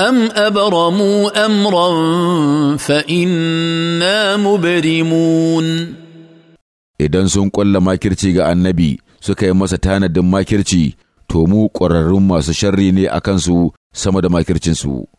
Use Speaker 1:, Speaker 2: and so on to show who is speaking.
Speaker 1: أم أبرموا أمرا فإنا مبرمون
Speaker 2: idan sun ƙwalla makirci ga annabi suka yi masa
Speaker 3: tanadin makirci to mu ƙwararrun masu sharri ne a kansu sama da makircinsu.